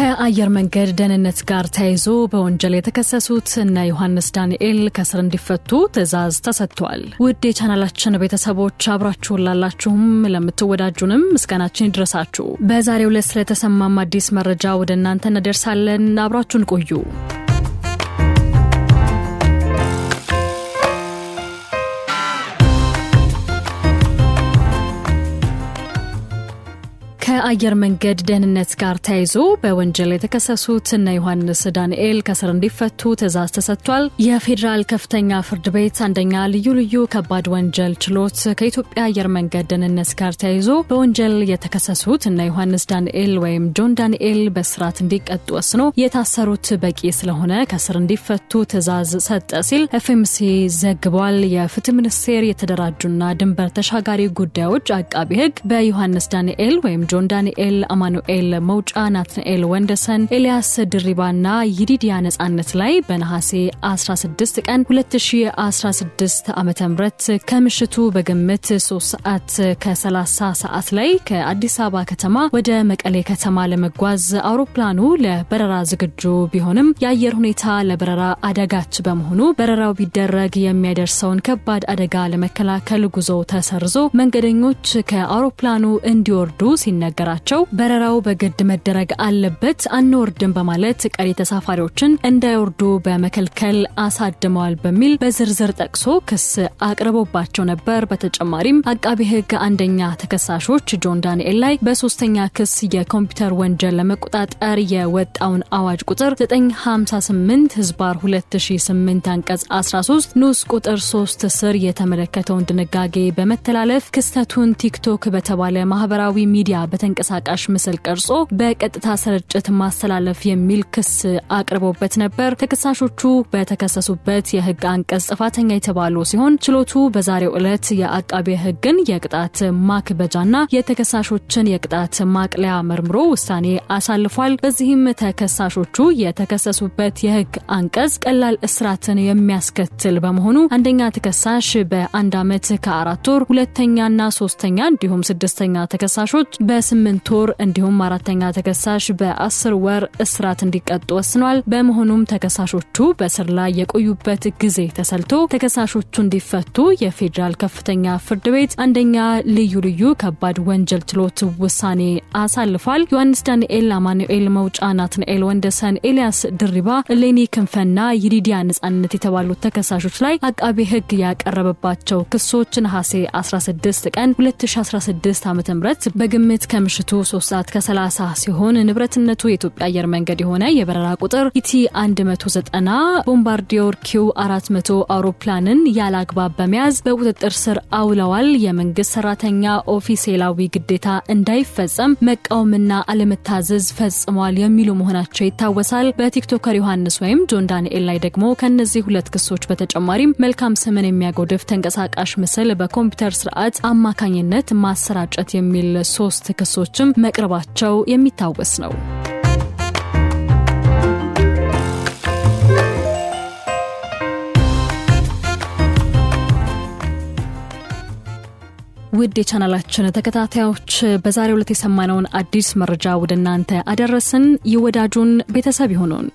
ከአየር መንገድ ደህንነት ጋር ተያይዞ በወንጀል የተከሰሱት እነ ዮሐንስ ዳንኤል ከስር እንዲፈቱ ትዕዛዝ ተሰጥቷል። ውድ የቻናላችን ቤተሰቦች አብራችሁን ላላችሁም ለምትወዳጁንም ምስጋናችን ይድረሳችሁ። በዛሬው ዕለት ስለተሰማም አዲስ መረጃ ወደ እናንተ እንደርሳለን። አብራችሁን ቆዩ። ከአየር መንገድ ደህንነት ጋር ተያይዞ በወንጀል የተከሰሱት እነ ዮሐንስ ዳንኤል ከስር እንዲፈቱ ትዕዛዝ ተሰጥቷል። የፌዴራል ከፍተኛ ፍርድ ቤት አንደኛ ልዩ ልዩ ከባድ ወንጀል ችሎት ከኢትዮጵያ አየር መንገድ ደህንነት ጋር ተያይዞ በወንጀል የተከሰሱት እነ ዮሐንስ ዳንኤል ወይም ጆን ዳንኤል በስርዓት እንዲቀጡ ወስኖ የታሰሩት በቂ ስለሆነ ከስር እንዲፈቱ ትዕዛዝ ሰጠ ሲል ኤፍኤምሲ ዘግቧል። የፍትህ ሚኒስቴር የተደራጁና ድንበር ተሻጋሪ ጉዳዮች አቃቢ ህግ በዮሐንስ ዳንኤል ወይም ጆን ዳንኤል፣ አማኑኤል መውጫ፣ ናትናኤል ወንደሰን፣ ኤልያስ ድሪባና ይዲዲያ ነጻነት ላይ በነሐሴ 16 ቀን 2016 ዓ ም ከምሽቱ በግምት 3 ሰዓት ከ30 ሰዓት ላይ ከአዲስ አበባ ከተማ ወደ መቀሌ ከተማ ለመጓዝ አውሮፕላኑ ለበረራ ዝግጁ ቢሆንም የአየር ሁኔታ ለበረራ አደጋች በመሆኑ በረራው ቢደረግ የሚያደርሰውን ከባድ አደጋ ለመከላከል ጉዞ ተሰርዞ መንገደኞች ከአውሮፕላኑ እንዲወርዱ ሲነ ሲነገራቸው በረራው በግድ መደረግ አለበት አንወርድም በማለት ቀሪ ተሳፋሪዎችን እንዳይወርዱ በመከልከል አሳድመዋል በሚል በዝርዝር ጠቅሶ ክስ አቅርቦባቸው ነበር። በተጨማሪም አቃቢ ሕግ አንደኛ ተከሳሾች ጆን ዳንኤል ላይ በሶስተኛ ክስ የኮምፒውተር ወንጀል ለመቆጣጠር የወጣውን አዋጅ ቁጥር 958 ህዝባር 2008 አንቀጽ 13 ንዑስ ቁጥር 3 ስር የተመለከተውን ድንጋጌ በመተላለፍ ክስተቱን ቲክቶክ በተባለ ማህበራዊ ሚዲያ በተንቀሳቃሽ ምስል ቀርጾ በቀጥታ ስርጭት ማስተላለፍ የሚል ክስ አቅርቦበት ነበር። ተከሳሾቹ በተከሰሱበት የህግ አንቀጽ ጥፋተኛ የተባሉ ሲሆን ችሎቱ በዛሬው ዕለት የአቃቤ ህግን የቅጣት ማክበጃና የተከሳሾችን የቅጣት ማቅለያ መርምሮ ውሳኔ አሳልፏል። በዚህም ተከሳሾቹ የተከሰሱበት የህግ አንቀጽ ቀላል እስራትን የሚያስከትል በመሆኑ አንደኛ ተከሳሽ በአንድ ዓመት ከአራት ወር፣ ሁለተኛና ሶስተኛ እንዲሁም ስድስተኛ ተከሳሾች በ በስምንት ወር እንዲሁም አራተኛ ተከሳሽ በአስር ወር እስራት እንዲቀጡ ወስኗል። በመሆኑም ተከሳሾቹ በስር ላይ የቆዩበት ጊዜ ተሰልቶ ተከሳሾቹ እንዲፈቱ የፌዴራል ከፍተኛ ፍርድ ቤት አንደኛ ልዩ ልዩ ከባድ ወንጀል ችሎት ውሳኔ አሳልፏል። ዮሐንስ ዳንኤል፣ አማኑኤል መውጫ፣ ናትናኤል ወንደሰን፣ ኤልያስ ድሪባ፣ ሌኒ ክንፈና ይዲዲያ ነጻነት የተባሉት ተከሳሾች ላይ አቃቤ ሕግ ያቀረበባቸው ክሶች ነሐሴ 16 ቀን 2016 ዓ ም በግምት ከምሽቱ 3 ሰዓት ከ30 ሲሆን ንብረትነቱ የኢትዮጵያ አየር መንገድ የሆነ የበረራ ቁጥር ኢቲ 190 ቦምባርዲዮር ኪው 400 አውሮፕላንን ያለ አግባብ በመያዝ በቁጥጥር ስር አውለዋል። የመንግስት ሰራተኛ ኦፊሴላዊ ግዴታ እንዳይፈጸም መቃወምና አለመታዘዝ ፈጽሟል የሚሉ መሆናቸው ይታወሳል። በቲክቶከር ዮሐንስ ወይም ጆን ዳንኤል ላይ ደግሞ ከእነዚህ ሁለት ክሶች በተጨማሪም መልካም ስምን የሚያጎድፍ ተንቀሳቃሽ ምስል በኮምፒውተር ስርዓት አማካኝነት ማሰራጨት የሚል ሶስት ክሶችም መቅረባቸው የሚታወስ ነው። ውድ የቻናላችን ተከታታዮች በዛሬው ዕለት የሰማነውን አዲስ መረጃ ወደ እናንተ አደረስን። ይወዳጁን ቤተሰብ ይሁኑን።